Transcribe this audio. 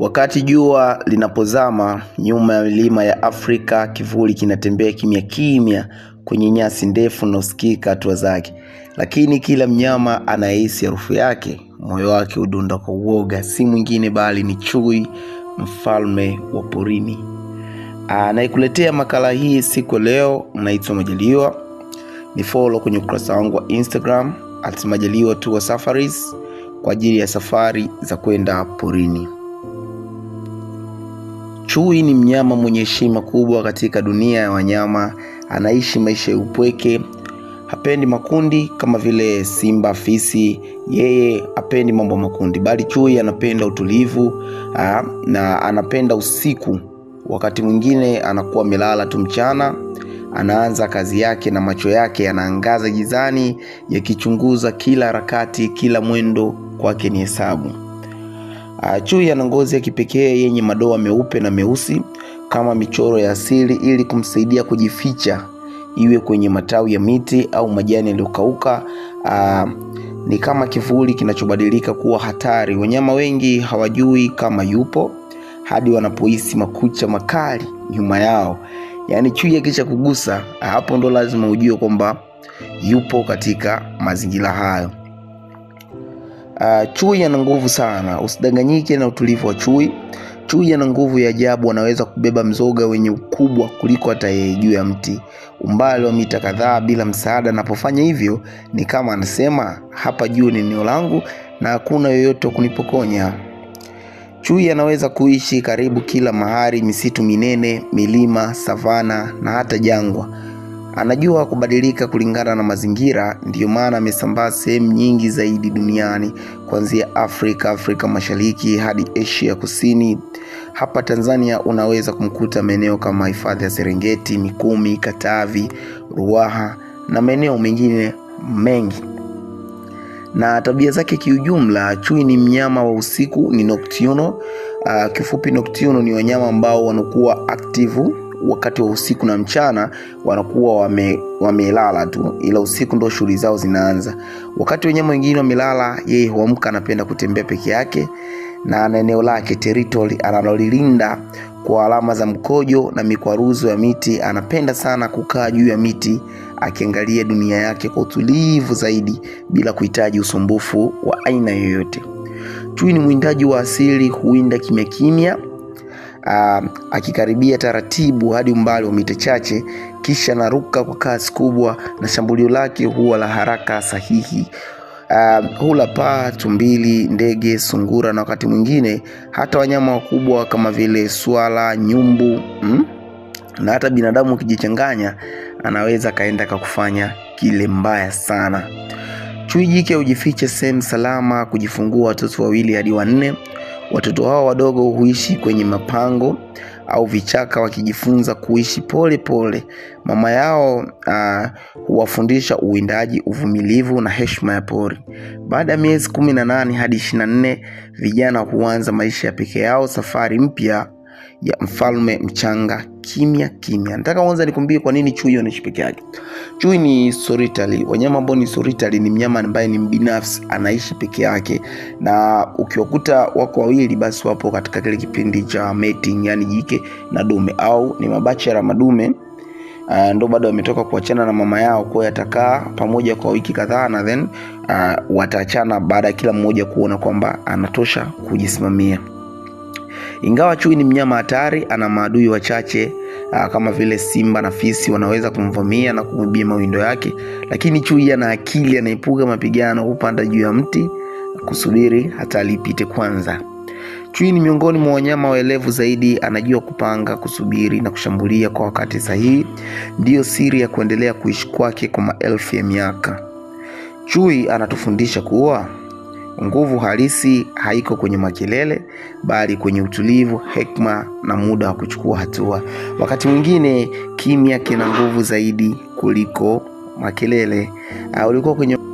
Wakati jua linapozama nyuma ya milima ya Afrika, kivuli kinatembea kimya kimya kwenye nyasi ndefu usikika hatua zake, lakini kila mnyama anayehisi harufu yake, moyo wake hudunda kwa uoga. Si mwingine bali ni chui, mfalme wa porini, ah, anayekuletea makala hii siku leo. Naitwa Majaliwa, ni follow kwenye ukurasa wangu wa Instagram at Majaliwa Tour Safaris kwa ajili ya safari za kwenda porini. Chui ni mnyama mwenye heshima kubwa katika dunia ya wanyama. Anaishi maisha ya upweke, hapendi makundi kama vile simba, fisi. Yeye hapendi mambo makundi, bali chui anapenda utulivu ha, na anapenda usiku. Wakati mwingine anakuwa amelala tu mchana, anaanza kazi yake na macho yake yanaangaza gizani, yakichunguza kila harakati, kila mwendo. Kwake ni hesabu. Ah, chui ana ngozi ya kipekee yenye madoa meupe na meusi kama michoro ya asili ili kumsaidia kujificha, iwe kwenye matawi ya miti au majani yaliyokauka. Ah, ni kama kivuli kinachobadilika kuwa hatari. Wanyama wengi hawajui kama yupo hadi wanapohisi makucha makali nyuma yao. Yaani chui akisha kugusa, hapo ndo lazima ujue kwamba yupo katika mazingira hayo. Uh, chui ana nguvu sana, usidanganyike na utulivu wa chui. Chui ana nguvu ya ajabu, anaweza kubeba mzoga wenye ukubwa kuliko hata yeye juu ya mti umbali wa mita kadhaa bila msaada. Anapofanya hivyo, ni kama anasema, hapa juu ni eneo langu na hakuna yoyote wa kunipokonya. Chui anaweza kuishi karibu kila mahali, misitu minene, milima, savana na hata jangwa. Anajua kubadilika kulingana na mazingira, ndiyo maana amesambaa sehemu nyingi zaidi duniani kuanzia Afrika, Afrika Mashariki hadi Asia Kusini. Hapa Tanzania unaweza kumkuta maeneo kama hifadhi ya Serengeti, Mikumi, Katavi, Ruaha na maeneo mengine mengi na tabia zake kiujumla, chui ni mnyama wa usiku, ni nocturnal. Uh, kifupi nocturnal ni wanyama ambao wanakuwa aktivu wakati wa usiku na mchana wanakuwa wame, wamelala tu ila usiku ndo shughuli zao zinaanza wakati wanyama wengine wamelala yeye huamka anapenda kutembea peke yake na ana eneo lake teritori analolilinda kwa alama za mkojo na mikwaruzo ya miti anapenda sana kukaa juu ya miti akiangalia dunia yake kwa utulivu zaidi bila kuhitaji usumbufu wa aina yoyote chui ni mwindaji wa asili huinda kimya kimya uh, akikaribia taratibu hadi umbali wa mita chache, kisha naruka kwa kasi kubwa na shambulio lake huwa la haraka sahihi. Uh, hula paa, tumbili, ndege, sungura na wakati mwingine hata wanyama wakubwa kama vile swala, nyumbu mm? na hata binadamu akijichanganya, anaweza akaenda kakufanya kile mbaya sana. Chui jike hujificha sehemu salama kujifungua watoto wawili hadi wanne Watoto hao wadogo huishi kwenye mapango au vichaka wakijifunza kuishi pole pole. Mama yao uh, huwafundisha uwindaji, uvumilivu na heshima ya pori. Baada ya miezi kumi na nane hadi ishirini na nne vijana huanza maisha ya peke yao, safari mpya ya mfalme mchanga kimya kimya. Nataka kwanza nikumbie kwa nini chui anashi peke yake. Chui ni solitary, wanyama ambao ni solitary ni mnyama ambaye ni mbinafsi, anaishi peke yake, na ukiwakuta wako wawili, basi wapo katika kile kipindi cha mating, yani jike na dume, au ni mabachela madume Uh, ah, ndo bado wametoka kuachana na mama yao, kwa yatakaa pamoja kwa wiki kadhaa na then uh, ah, wataachana baada ya kila mmoja kuona kwamba anatosha kujisimamia. Ingawa chui ni mnyama hatari, ana maadui wachache ah, kama vile simba na fisi wanaweza kumvamia na kumwibia mawindo yake, lakini chui ana akili, anaepuka mapigano, kupanda juu ya mti kusubiri hata alipite kwanza. Chui ni miongoni mwa wanyama waelevu zaidi, anajua kupanga, kusubiri na kushambulia kwa wakati sahihi. Ndiyo siri ya kuendelea kuishi kwake kwa maelfu ya miaka. Chui anatufundisha kuwa Nguvu halisi haiko kwenye makelele, bali kwenye utulivu, hekima na muda wa kuchukua hatua. Wakati mwingine kimya kina nguvu zaidi kuliko makelele. Uh, ulikuwa kwenye